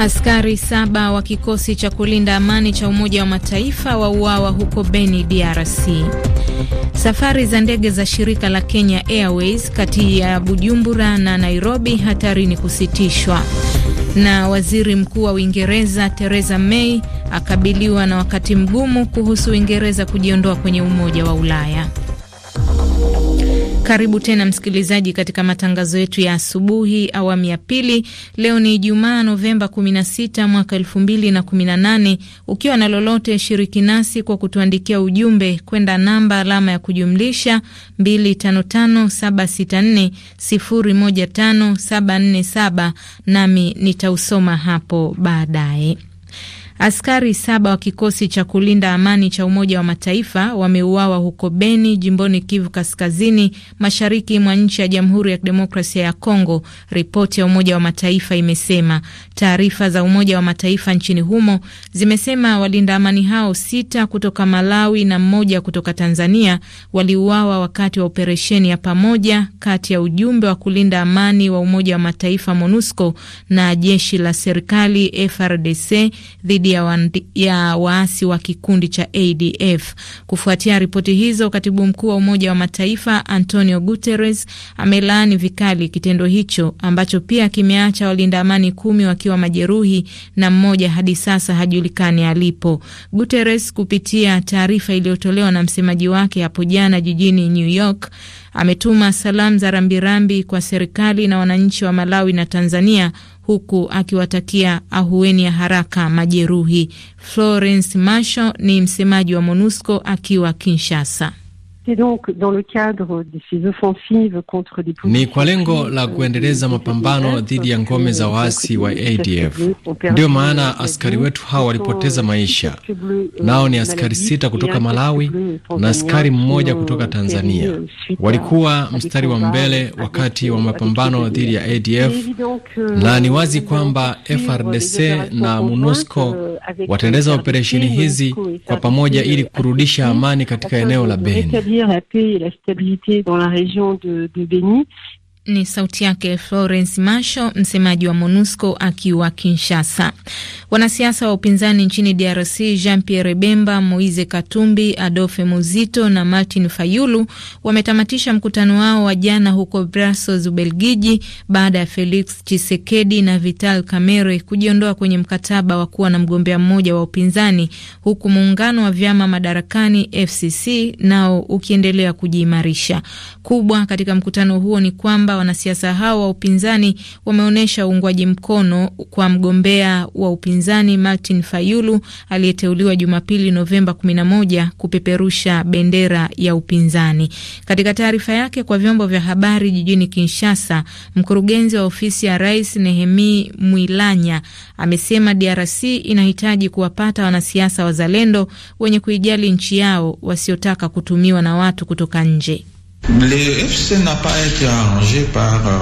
Askari saba wa kikosi cha kulinda amani cha Umoja wa Mataifa wauawa huko Beni, DRC. Safari za ndege za shirika la Kenya Airways kati ya Bujumbura na Nairobi hatarini kusitishwa. Na waziri mkuu wa Uingereza Theresa May akabiliwa na wakati mgumu kuhusu Uingereza kujiondoa kwenye Umoja wa Ulaya. Karibu tena msikilizaji, katika matangazo yetu ya asubuhi awamu ya pili. Leo ni Ijumaa, Novemba 16 mwaka 2018. Ukiwa na lolote, shiriki nasi kwa kutuandikia ujumbe kwenda namba alama ya kujumlisha 255764015747, nami nitausoma hapo baadaye. Askari saba wa kikosi cha kulinda amani cha Umoja wa Mataifa wameuawa huko Beni, jimboni Kivu Kaskazini, mashariki mwa nchi ya Jamhuri ya Kidemokrasia ya Kongo, ripoti ya Umoja wa Mataifa imesema. Taarifa za Umoja wa Mataifa nchini humo zimesema walinda amani hao sita kutoka Malawi na mmoja kutoka Tanzania waliuawa wakati wa operesheni ya pamoja kati ya ujumbe wa kulinda amani wa Umoja wa Mataifa MONUSCO na jeshi la serikali FRDC dhidi dhidi ya, ya waasi wa kikundi cha ADF. Kufuatia ripoti hizo, katibu mkuu wa Umoja wa Mataifa Antonio Guterres amelaani vikali kitendo hicho ambacho pia kimeacha walinda amani kumi wakiwa majeruhi na mmoja hadi sasa hajulikani alipo. Guterres kupitia taarifa iliyotolewa na msemaji wake hapo jana jijini New York ametuma salamu za rambirambi kwa serikali na wananchi wa Malawi na Tanzania huku akiwatakia ahueni ya haraka majeruhi. Florence Masho ni msemaji wa MONUSCO akiwa Kinshasa. Donc, dans le cadre de ces offensives contre les ni kwa lengo la euh, kuendeleza mapambano dhidi ya ngome za waasi wa ADF. Ndiyo maana askari wetu hawa walipoteza maisha, euh, nao ni askari sita kutoka Malawi na askari mmoja kutoka Tanzania. Walikuwa mstari wa mbele wakati wa mapambano dhidi ya ADF, euh, na ni wazi kwamba FRDC na MONUSCO wataendeleza operesheni hizi kwa pamoja ili kurudisha amani katika eneo la Beni. la paix et la stabilité dans la région de, de Béni Ni sauti yake Florence Masho, msemaji wa MONUSCO akiwa Kinshasa. Wanasiasa wa upinzani nchini DRC Jean Pierre Bemba, Moise Katumbi, Adolfe Muzito na Martin Fayulu wametamatisha mkutano wao wa jana huko Brussels, Ubelgiji, baada ya Felix chisekedi na Vital Kamerhe kujiondoa kwenye mkataba wa kuwa na mgombea mmoja wa upinzani, huku muungano wa vyama madarakani FCC nao ukiendelea kujiimarisha. Kubwa katika mkutano huo ni kwamba kwamba wanasiasa hao wa upinzani wameonyesha uungwaji mkono kwa mgombea wa upinzani Martin Fayulu aliyeteuliwa Jumapili Novemba 11 kupeperusha bendera ya upinzani. Katika taarifa yake kwa vyombo vya habari jijini Kinshasa, mkurugenzi wa ofisi ya rais Nehemi Mwilanya amesema DRC inahitaji kuwapata wanasiasa wazalendo wenye kuijali nchi yao wasiotaka kutumiwa na watu kutoka nje. Le FC n'a pas été arrangé par euh,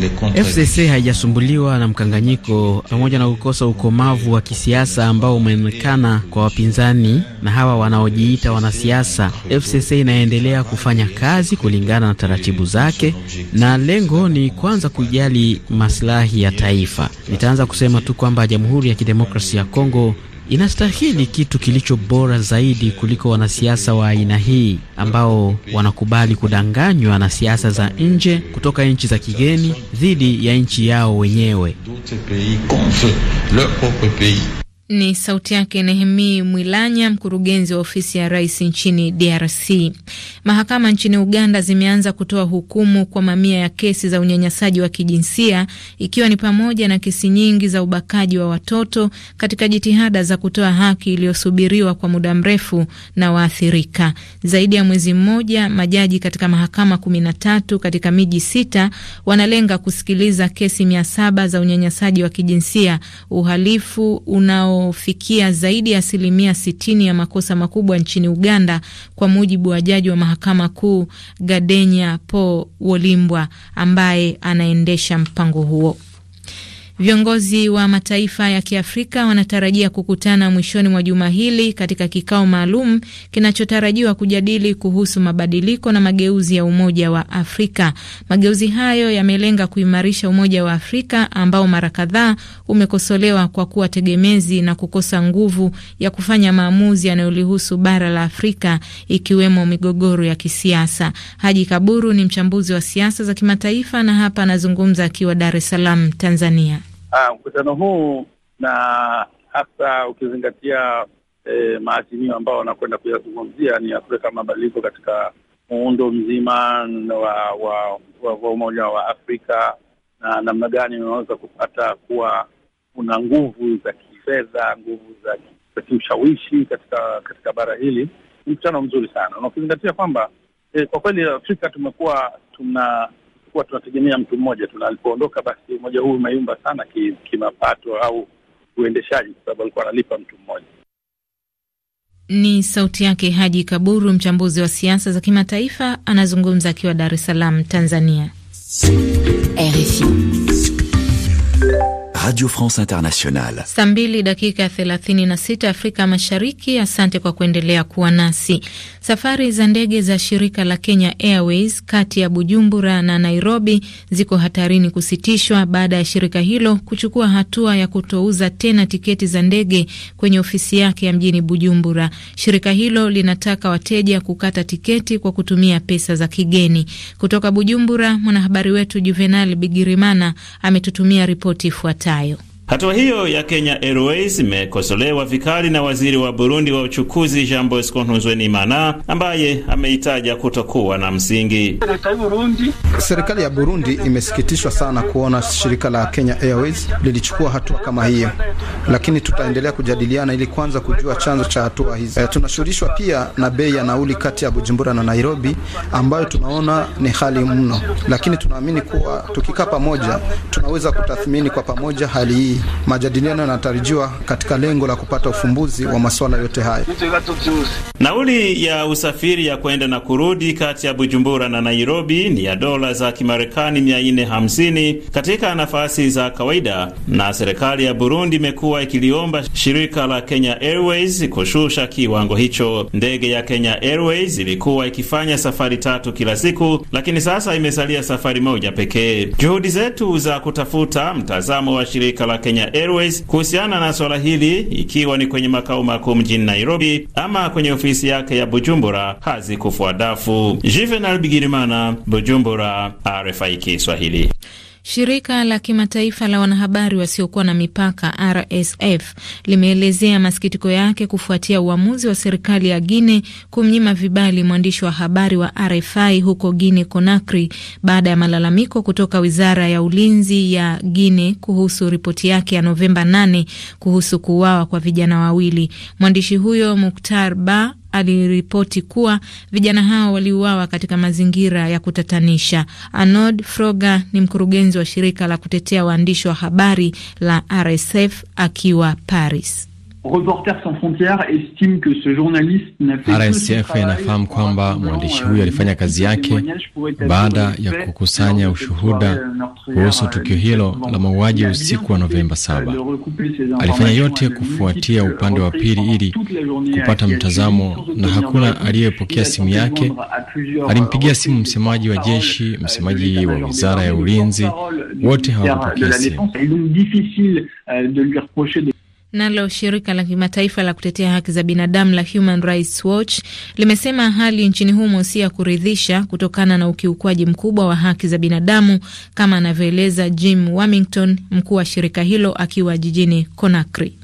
les contre FCC haijasumbuliwa na mkanganyiko pamoja na kukosa ukomavu wa kisiasa ambao umeonekana kwa wapinzani na hawa wanaojiita wanasiasa. FCC inaendelea kufanya kazi kulingana na taratibu zake, na lengo ni kwanza kujali maslahi ya taifa. Nitaanza kusema tu kwamba Jamhuri ya Kidemokrasia ya Kongo inastahili kitu kilicho bora zaidi kuliko wanasiasa wa aina hii ambao wanakubali kudanganywa na siasa za nje kutoka nchi za kigeni dhidi ya nchi yao wenyewe. Ni sauti yake Nehemi Mwilanya, mkurugenzi wa ofisi ya rais nchini DRC. Mahakama nchini Uganda zimeanza kutoa hukumu kwa mamia ya kesi za unyanyasaji wa kijinsia, ikiwa ni pamoja na kesi nyingi za ubakaji wa watoto, katika jitihada za kutoa haki iliyosubiriwa kwa muda mrefu na waathirika. Zaidi ya mwezi mmoja, majaji katika mahakama tatu katika miji sita wanalenga kusikiliza kesi saba za unyanyasaji wa kijinsia, uhalifu unao unaofikia zaidi ya asilimia sitini ya makosa makubwa nchini Uganda, kwa mujibu wa jaji wa mahakama kuu Gadenya Po Wolimbwa ambaye anaendesha mpango huo. Viongozi wa mataifa ya Kiafrika wanatarajia kukutana mwishoni mwa juma hili katika kikao maalum kinachotarajiwa kujadili kuhusu mabadiliko na mageuzi ya Umoja wa Afrika. Mageuzi hayo yamelenga kuimarisha Umoja wa Afrika ambao mara kadhaa umekosolewa kwa kuwa tegemezi na kukosa nguvu ya kufanya maamuzi yanayolihusu bara la Afrika, ikiwemo migogoro ya kisiasa. Haji Kaburu ni mchambuzi wa siasa za kimataifa na hapa anazungumza akiwa Dar es Salaam, Tanzania. Ah, mkutano huu na hasa ukizingatia eh, maazimio ambao wanakwenda kuyazungumzia ni ya kuweka mabadiliko katika muundo mzima wa wa, wa, wa Umoja wa Afrika na namna gani unaweza kupata kuwa kuna nguvu za kifedha, nguvu za, za kiushawishi katika katika bara hili. Ni mkutano mzuri sana na ukizingatia kwamba eh, kwa kweli Afrika tumekuwa tuna tulikuwa tunategemea mtu mmoja tu, na alipoondoka basi umoja huu umeyumba sana kimapato ki au uendeshaji, kwa sababu alikuwa analipa mtu mmoja. Ni sauti yake Haji Kaburu, mchambuzi wa siasa za kimataifa, anazungumza akiwa Dar es Salaam, Tanzania, RFI. Radio France Internationale. Saa mbili dakika sita Afrika Mashariki. Asante kwa kuendelea kuwa nasi. Safari za ndege za shirika la Kenya Airways kati ya Bujumbura na Nairobi ziko hatarini kusitishwa baada ya shirika hilo kuchukua hatua ya kutouza tena tiketi za ndege kwenye ofisi yake ya mjini Bujumbura. Shirika hilo linataka wateja kukata tiketi kwa kutumia pesa za kigeni. Kutoka Bujumbura, mwanahabari wetu Juvenal Bigirimana ametutumia ripoti ifuatayo. febbraio. Hatua hiyo ya Kenya Airways imekosolewa vikali na waziri wa Burundi wa uchukuzi Jean Bosco mana ambaye ameitaja kutokuwa na msingi. Serikali ya Burundi imesikitishwa sana kuona shirika la Kenya Airways lilichukua hatua kama hiyo, lakini tutaendelea kujadiliana ili kwanza kujua chanzo cha hatua hizi. E, eh, tunashughulishwa pia na bei ya nauli kati ya Bujumbura na Nairobi ambayo tunaona ni hali mno, lakini tunaamini kuwa tukikaa pamoja tunaweza kutathmini kwa pamoja hali hii majadiliano yanatarajiwa katika lengo la kupata ufumbuzi wa masuala yote hayo. Nauli ya usafiri ya kwenda na kurudi kati ya Bujumbura na Nairobi ni ya dola za Kimarekani 450 katika nafasi za kawaida, na serikali ya Burundi imekuwa ikiliomba shirika la Kenya Airways kushusha kiwango hicho. Ndege ya Kenya Airways ilikuwa ikifanya safari tatu kila siku, lakini sasa imesalia safari moja pekee. Juhudi zetu za kutafuta mtazamo wa shirika la Kenya Airways kuhusiana na swala hili, ikiwa ni kwenye makao makuu mjini Nairobi ama kwenye ofisi yake ya Bujumbura hazikufua dafu. Juvenal Bigirimana, Bujumbura, RFI Kiswahili. Shirika la kimataifa la wanahabari wasiokuwa na mipaka RSF limeelezea masikitiko yake kufuatia uamuzi wa serikali ya Guine kumnyima vibali mwandishi wa habari wa RFI huko Guine Conakry baada ya malalamiko kutoka wizara ya ulinzi ya Guine kuhusu ripoti yake ya Novemba 8 kuhusu kuuawa kwa vijana wawili. Mwandishi huyo Muktar Ba aliripoti kuwa vijana hao waliuawa katika mazingira ya kutatanisha. Arnold Froger ni mkurugenzi wa shirika la kutetea waandishi wa habari la RSF akiwa Paris. Reporters sans frontières estime que ce journaliste n'a fait RSF inafahamu kwamba mwandishi euh, huyo alifanya kazi yake baada ya kukusanya ushuhuda euh, kuhusu euh, tukio hilo la mauaji ya usiku wa Novemba 7. Alifanya yote kufuatia upande wa pili ili kupata mtazamo, na hakuna aliyepokea simu yake. Alimpigia simu msemaji wa jeshi, msemaji wa wizara ya ulinzi, wote hawakupokea simu. Nalo shirika la kimataifa la kutetea haki za binadamu la Human Rights Watch limesema hali nchini humo si ya kuridhisha kutokana na ukiukwaji mkubwa wa haki za binadamu, kama anavyoeleza Jim Warmington, mkuu wa shirika hilo akiwa jijini Conakry.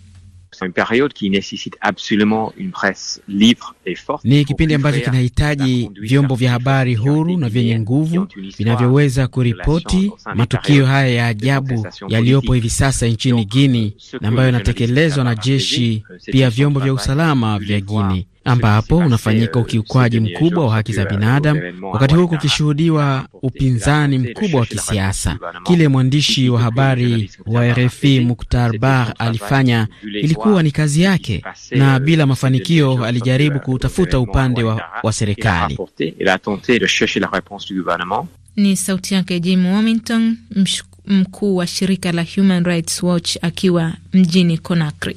C'est ni période qui nécessite absolument une presse libre et forte. Ni kipindi ambacho kinahitaji vyombo vya habari huru na vyenye nguvu vinavyoweza kuripoti matukio haya ya ajabu yaliyopo hivi sasa nchini Guinea na ambayo yanatekelezwa na jeshi, euh, pia vyombo vya usalama vya Guinea ambapo unafanyika ukiukwaji mkubwa wa haki za binadamu, wakati huu kukishuhudiwa upinzani mkubwa wa kisiasa. Kile mwandishi wa habari wa RFI Muktar Bar alifanya ilikuwa ni kazi yake, na bila mafanikio alijaribu kutafuta upande wa, wa serikali. Ni sauti yake Jim Wilmington, mkuu wa shirika la Human Rights Watch akiwa mjini Conakry.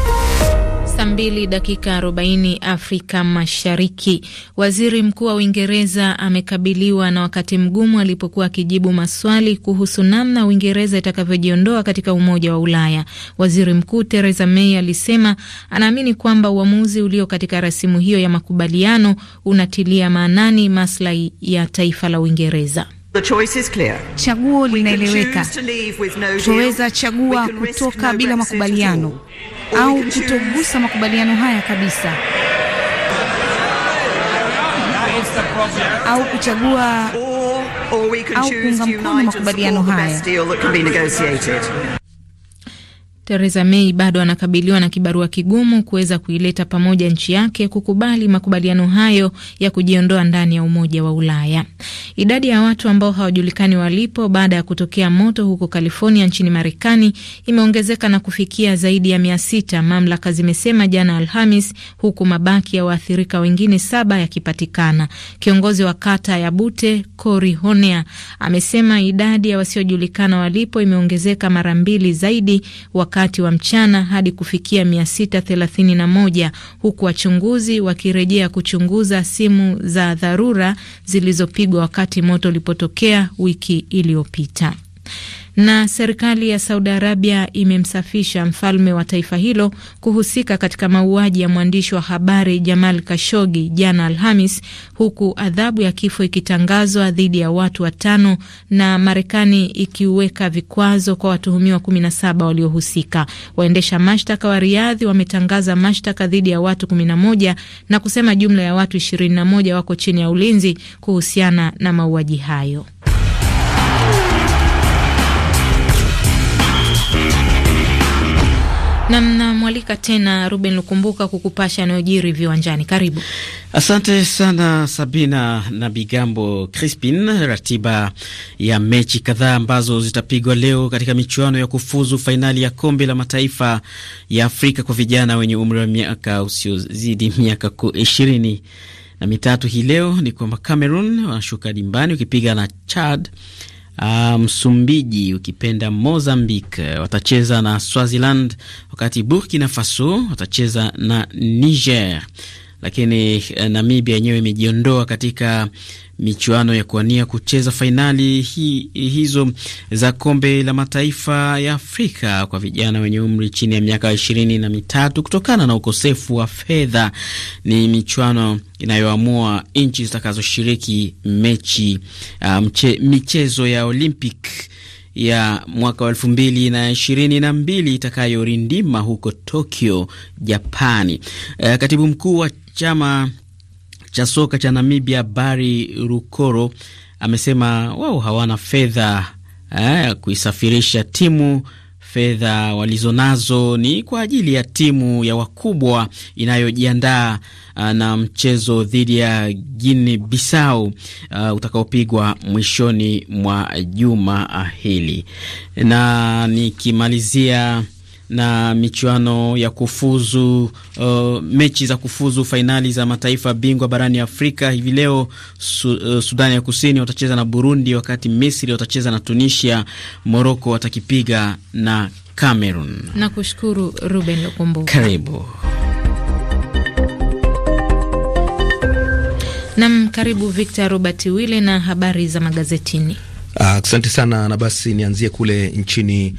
Saa mbili dakika arobaini Afrika Mashariki. Waziri Mkuu wa Uingereza amekabiliwa na wakati mgumu alipokuwa akijibu maswali kuhusu namna Uingereza itakavyojiondoa katika Umoja wa Ulaya. Waziri Mkuu Theresa May alisema anaamini kwamba uamuzi ulio katika rasimu hiyo ya makubaliano unatilia maanani maslahi ya taifa la Uingereza. The choice is clear. Chaguo linaeleweka. Tunaweza chagua kutoka bila makubaliano au kutogusa makubaliano haya kabisa au kuchagua or, or au kuunga mkono makubaliano haya. Theresa May bado anakabiliwa na kibarua kigumu kuweza kuileta pamoja nchi yake kukubali makubaliano hayo ya kujiondoa ndani ya Umoja wa Ulaya. Idadi ya watu ambao hawajulikani walipo baada ya kutokea moto huko California nchini Marekani imeongezeka na kufikia zaidi ya mia sita, mamlaka zimesema jana Alhamis, huku mabaki ya waathirika wengine saba yakipatikana. Kiongozi wa kata ya Bute Cory Honea amesema idadi ya wasiojulikana walipo imeongezeka mara mbili zaidi wa wakati wa mchana hadi kufikia 631 huku wachunguzi wakirejea kuchunguza simu za dharura zilizopigwa wakati moto ulipotokea wiki iliyopita. Na serikali ya Saudi Arabia imemsafisha mfalme wa taifa hilo kuhusika katika mauaji ya mwandishi wa habari Jamal Kashogi jana Alhamis, huku adhabu ya kifo ikitangazwa dhidi ya watu watano na Marekani ikiweka vikwazo kwa watuhumiwa 17 waliohusika. Waendesha mashtaka wa Riadhi wametangaza mashtaka dhidi ya watu 11 na kusema jumla ya watu 21 wako chini ya ulinzi kuhusiana na mauaji hayo. Namnamwalika tena Ruben Lukumbuka kukupasha yanayojiri viwanjani. Karibu. Asante sana Sabina na Bigambo Crispin. Ratiba ya mechi kadhaa ambazo zitapigwa leo katika michuano ya kufuzu fainali ya kombe la mataifa ya Afrika kwa vijana wenye umri wa miaka usiozidi miaka ishirini na mitatu hii leo ni kwamba Cameroon wanashuka dimbani ukipiga na Chad Uh, Msumbiji ukipenda Mozambique watacheza na Swaziland, wakati Burkina Faso watacheza na Niger. Lakini uh, Namibia yenyewe imejiondoa katika michuano ya kuania kucheza fainali hi, hizo za kombe la mataifa ya Afrika kwa vijana wenye umri chini ya miaka ishirini na mitatu kutokana na ukosefu wa fedha. Ni michuano inayoamua nchi zitakazoshiriki mechi uh, mche, michezo ya Olympic ya mwaka wa elfu mbili na ishirini na mbili itakayorindima huko Tokyo, Japani. Uh, katibu mkuu wa chama cha soka cha Namibia bari Rukoro amesema wao hawana fedha ya eh, kuisafirisha timu. Fedha walizonazo ni kwa ajili ya timu ya wakubwa inayojiandaa ah, na mchezo dhidi ya Guinea Bissau uh, utakaopigwa mwishoni mwa juma hili, na nikimalizia na michuano ya kufuzu uh, mechi za kufuzu fainali za mataifa bingwa barani Afrika hivi leo su, uh, Sudani ya Kusini watacheza na Burundi, wakati Misri watacheza na Tunisia, Moroko watakipiga na Cameroon. Nakushukuru Ruben Lukumbuka. Karibu. Nam, karibu Victor Robert Wille na habari za magazetini. Ah, asante uh, sana na basi nianzie kule nchini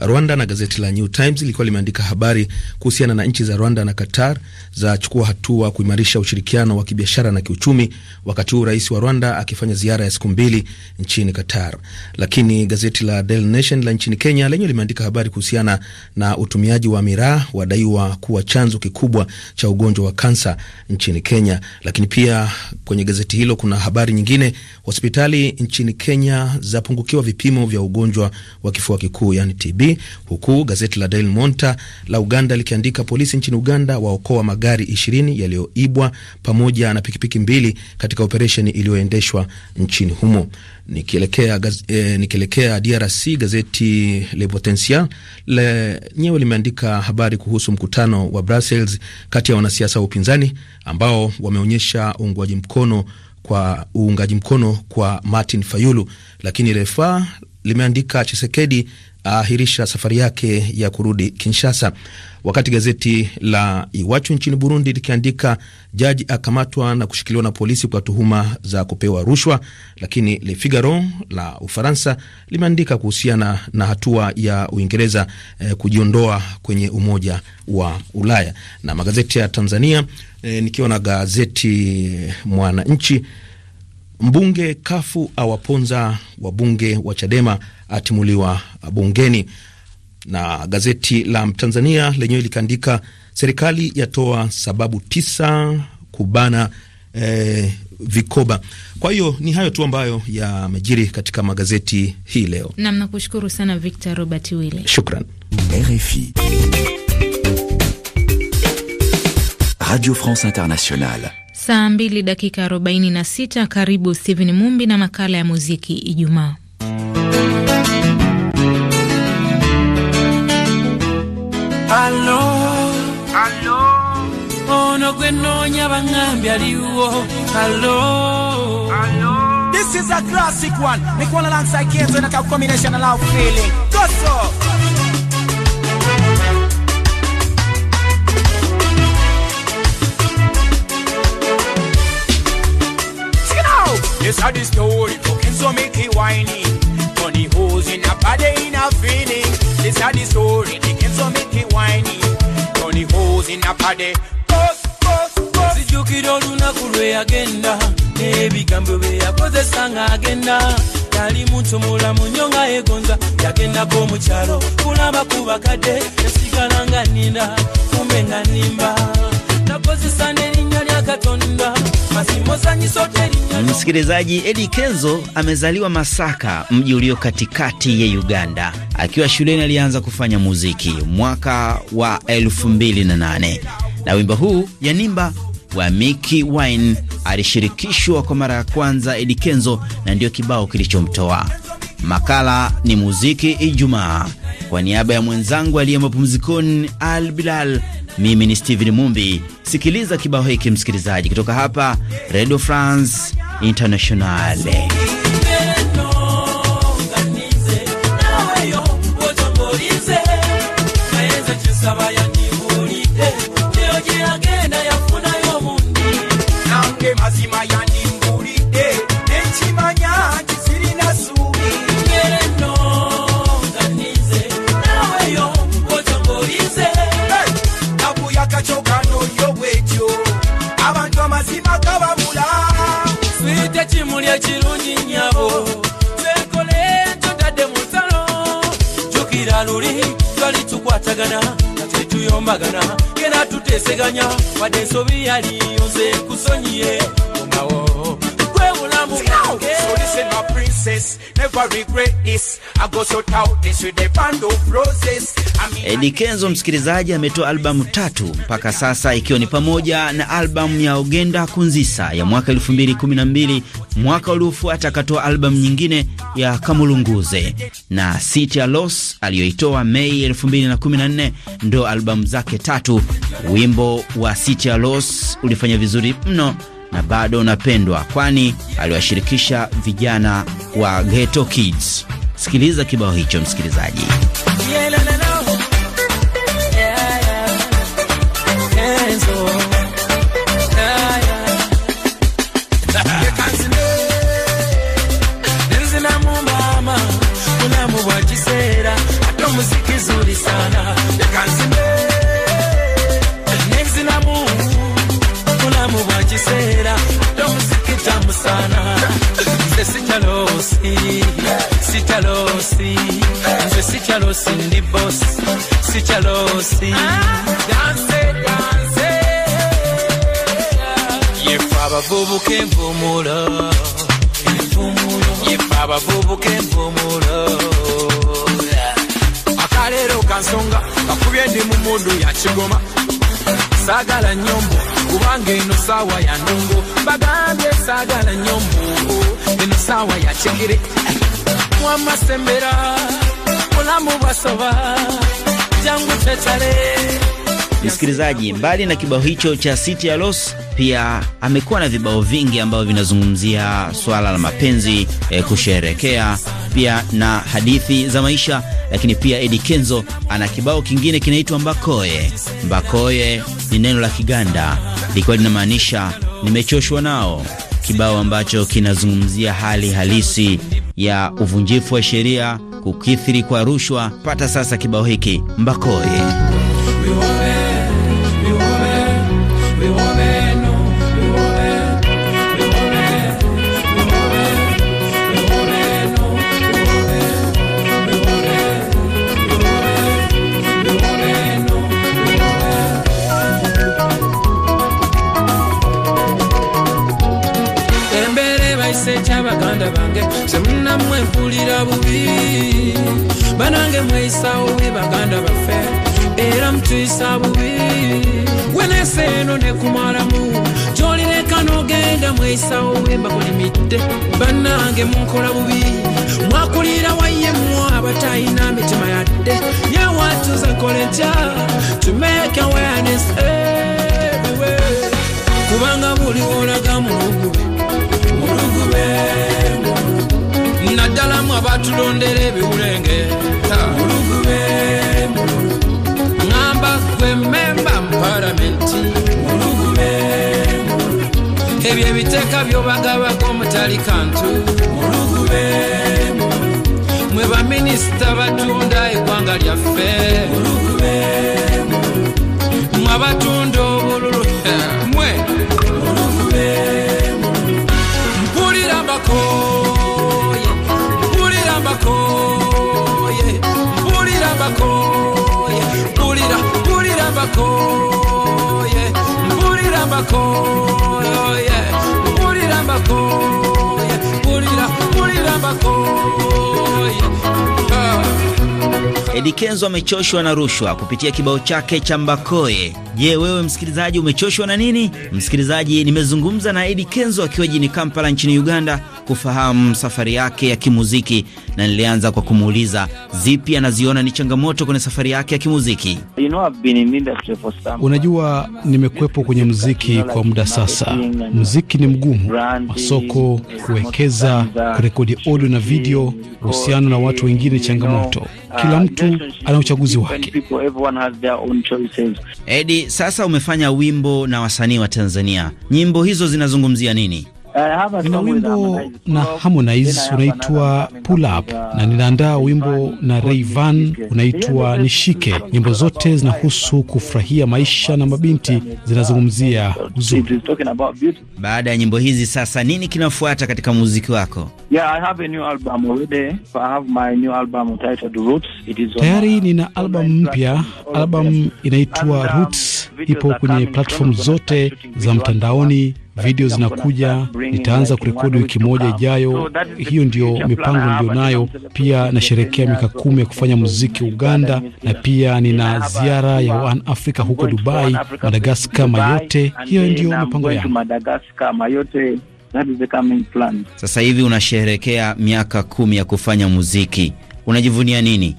Rwanda na gazeti la New Times ilikuwa limeandika habari kuhusiana na nchi za Rwanda na Qatar za chukua hatua kuimarisha ushirikiano wa kibiashara na kiuchumi, wakati huu rais wa Rwanda akifanya ziara ya siku mbili nchini Qatar. Lakini gazeti la Daily Nation la nchini Kenya lenyewe limeandika habari kuhusiana na utumiaji wa miraa wadaiwa kuwa chanzo kikubwa cha ugonjwa wa kansa nchini Kenya. Lakini pia kwenye gazeti hilo kuna habari nyingine, hospitali nchini Kenya zapungukiwa vipimo vya ugonjwa wa kifua kikuu yani TB Nairobi, huku gazeti la Daily Monitor la Uganda likiandika polisi nchini Uganda waokoa magari ishirini yaliyoibwa pamoja na pikipiki mbili katika operesheni iliyoendeshwa nchini humo. Nikielekea eh, nikielekea DRC gazeti Le Potentiel lenyewe limeandika habari kuhusu mkutano wa Brussels kati ya wanasiasa wa upinzani ambao wameonyesha uungwaji mkono kwa uungaji mkono kwa Martin Fayulu, lakini refa limeandika Chisekedi aahirisha safari yake ya kurudi Kinshasa, wakati gazeti la Iwachu nchini Burundi likiandika jaji akamatwa na kushikiliwa na polisi kwa tuhuma za kupewa rushwa. Lakini Le Figaro la Ufaransa limeandika kuhusiana na hatua ya Uingereza eh, kujiondoa kwenye Umoja wa Ulaya na magazeti ya Tanzania eh, nikiwa na gazeti Mwananchi Mbunge Kafu awaponza wabunge wa Chadema atimuliwa bungeni. Na gazeti la Mtanzania lenyewe likaandika serikali yatoa sababu tisa kubana eh, vikoba. Kwa hiyo ni hayo tu ambayo yamejiri katika magazeti hii leo. Nam, nakushukuru sana Victor Robert Wile, shukran RFI. Radio France Internationale. Saa 2 dakika 46. Karibu Steven Mumbi na makala ya muziki Ijumaa. ono gwenonya bangambya liwo alo This is a classic one. feeling. Yes, I just told it. Fucking so make it whiny. Money holes in a body in a feeling. This are the story, they can so make it whiny. Tony holes in a party. Sijukira olunaku lwe yagenda n'ebigambo bye yakozesa ng'agenda yali muntu mulamu nnyo nga yegonza yagendako omukyalo kulaba ku bakadde yasigala nga nnina kumbe nga nnimba Msikilizaji, edi Kenzo amezaliwa Masaka, mji ulio katikati ya Uganda. Akiwa shuleni alianza kufanya muziki mwaka wa 2008 na wimbo huu Yanimba wa Mickey Wine alishirikishwa kwa mara ya kwanza edi Kenzo, na ndiyo kibao kilichomtoa Makala ni muziki Ijumaa. Kwa niaba ya mwenzangu aliye mapumzikoni Al Bilal, mimi ni Steven Mumbi. Sikiliza kibao hiki msikilizaji, kutoka hapa Radio France Internationale. yali oze kusonyiye Kenzo msikilizaji ametoa albamu tatu mpaka sasa ikiwa ni pamoja na albamu ya Ogenda Kunzisa ya mwaka 2012 Mwaka uliofuata akatoa albamu nyingine ya Kamulunguze na City ya aliyoitoa Mei 2014 ndo albamu zake tatu. Wimbo wa City ya ulifanya vizuri mno na bado unapendwa, kwani aliwashirikisha vijana wa Ghetto Kids. Sikiliza kibao hicho msikilizaji. sana nze sikyalosi sikyalosi nze sikyalosi ndi bos sikyalosi abavubuka envumulo yefe abavubuka envumulo akaleero kansonga kakubye ndi mu mundu yakigoma saagala nyombo kubanga eno sawa ya nongo bagambye saagala nnyo mbungo eno sawa ya kyekire mwamasembera mulamu bwasoba jangu tetale Msikilizaji, mbali na kibao hicho cha City ya Los, pia amekuwa na vibao vingi ambavyo vinazungumzia swala la mapenzi eh, kusherekea pia na hadithi za maisha. Lakini pia edi Kenzo ana kibao kingine kinaitwa Mbakoye. Mbakoye ni neno la Kiganda ilikuwa linamaanisha nimechoshwa nao, kibao ambacho kinazungumzia hali halisi ya uvunjifu wa sheria, kukithiri kwa rushwa. Pata sasa kibao hiki Mbakoye. bange munkola bubi mwakulira wayemu abatayina mitima yadde yewatuza nkole ntya tumeke awareness ewe kubanga buli wolaga mulugube mulugube naddalamu abatulondera ebiwulenge mulugube ngamba kwememba mu paramenti mulugube ebyo ebiteeka byobagabako omutali kantu mwe baminisita batunda eggwanga lyaffe mwabatunda obululu mwe mpulira mbakoye mpulira mbakoye mpulira mbakoye mpulira mpulira mbakoye mbako mpulira mbako mpulira mpulira mbako yeah. Eddy Kenzo amechoshwa na rushwa kupitia kibao chake cha Mbakoe. Je, wewe msikilizaji umechoshwa na nini? Msikilizaji, nimezungumza na Eddy Kenzo akiwa jini Kampala nchini Uganda kufahamu safari yake ya kimuziki, na nilianza kwa kumuuliza zipi anaziona ni changamoto kwenye safari yake ya kimuziki. unajua nimekuwepo kwenye muziki kwa muda sasa. Muziki ni mgumu, masoko, kuwekeza, kurekodi audio na video, uhusiano na watu wengine changamoto kila mtu ah, ana uchaguzi wake. Edi, sasa umefanya wimbo na wasanii wa Tanzania, nyimbo hizo zinazungumzia nini? Eh, nina wimbo na Harmonize unaitwa Pull Up na ninaandaa wimbo na Rayvan unaitwa Nishike. Nyimbo zote zinahusu kufurahia maisha na mabinti zinazungumzia uzuri. Baada ya nyimbo hizi sasa, nini kinafuata katika muziki wako? Tayari uh, nina albamu mpya, albamu inaitwa uh, Roots, ipo kwenye platform zote za mtandaoni video zinakuja, nitaanza kurekodi wiki moja ijayo. Hiyo ndiyo mipango niliyonayo. Pia nasherekea miaka kumi ya kufanya muziki Uganda, na pia nina ziara ya One Africa huko Dubai, Madagaskar, Mayote. Hiyo ndiyo mipango yangu. Sasa hivi unasherehekea miaka kumi ya kufanya muziki Unajivunia nini?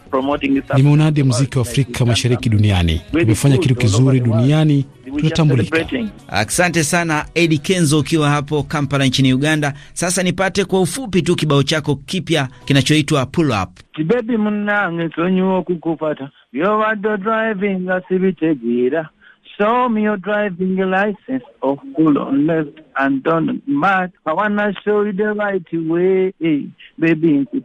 ya muziki wa Afrika Mashariki duniani. Tumefanya kitu kizuri duniani, tutatambulika. Asante sana Edi Kenzo, ukiwa hapo Kampala nchini Uganda. Sasa nipate kwa ufupi tu kibao chako kipya kinachoitwa pull up. Kibebi sonyiwa driving show me your driving license oh, on left and mad I wanna show you the right way hey, baby hey.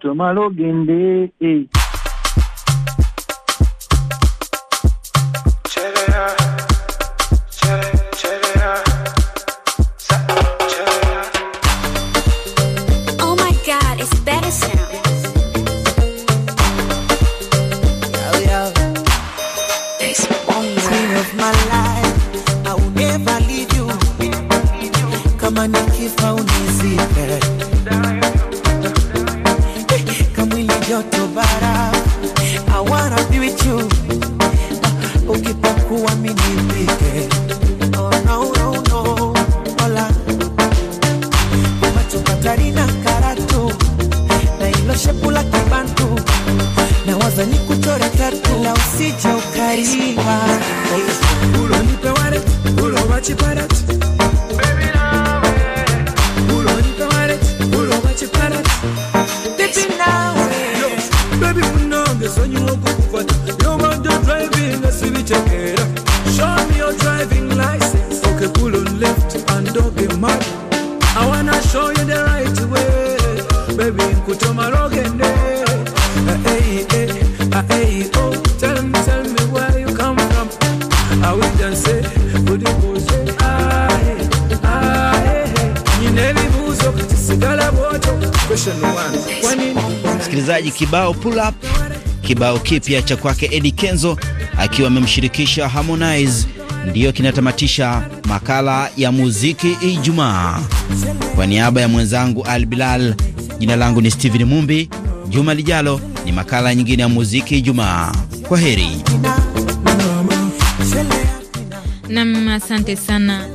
kibao pull up, kibao kipya cha kwake Eddie Kenzo akiwa amemshirikisha Harmonize, ndiyo kinatamatisha makala ya muziki Ijumaa. Kwa niaba ya mwenzangu Al Bilal, jina langu ni Steven Mumbi. Juma lijalo ni makala nyingine ya muziki Ijumaa. Kwa heri. Nam, asante sana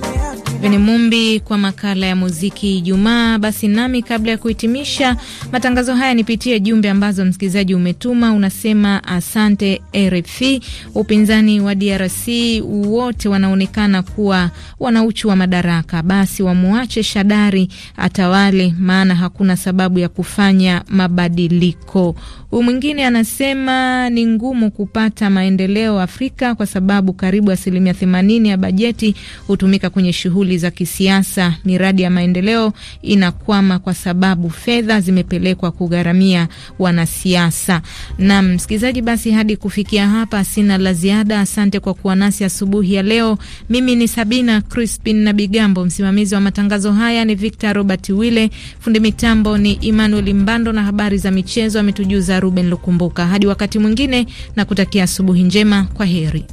Veni Mumbi kwa makala ya muziki Ijumaa. Basi nami kabla ya kuhitimisha matangazo haya nipitie jumbe ambazo msikilizaji umetuma. Unasema asante RFI, upinzani wa DRC wote wanaonekana kuwa wana uchu wa madaraka, basi wamwache Shadari atawale, maana hakuna sababu ya kufanya mabadiliko. Huyu mwingine anasema ni ngumu kupata maendeleo Afrika kwa sababu karibu asilimia themanini ya bajeti hutumika kwenye shughuli shughuli za kisiasa, miradi ya maendeleo inakwama kwa sababu fedha zimepelekwa kugharamia wanasiasa. Na msikilizaji, basi hadi kufikia hapa sina la ziada. Asante kwa kuwa nasi asubuhi ya leo. Mimi ni Sabina Crispin na Bigambo, msimamizi wa matangazo haya ni Victor Robert Wille, fundi mitambo ni Emmanuel Mbando na habari za michezo ametujuza Ruben Lukumbuka. Hadi wakati mwingine, na kutakia asubuhi njema. Kwa heri.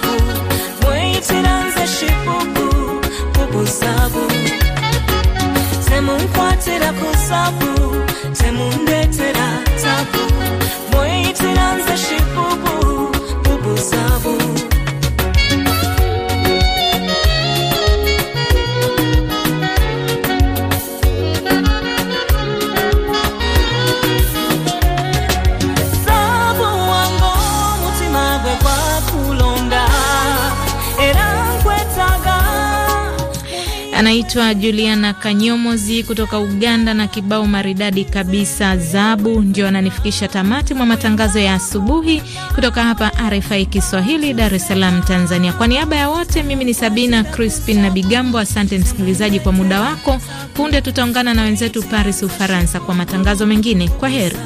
sabu mweyikiranze shipupu kubusabu temunkwatira kusabu temundetera tabu Anaitwa Juliana Kanyomozi kutoka Uganda na kibao maridadi kabisa Zabu ndio ananifikisha tamati mwa matangazo ya asubuhi kutoka hapa RFI Kiswahili, Dar es Salaam, Tanzania. Kwa niaba ya wote, mimi ni Sabina Crispin na Bigambo. Asante msikilizaji kwa muda wako. Punde tutaungana na wenzetu Paris, Ufaransa, kwa matangazo mengine. Kwa heri.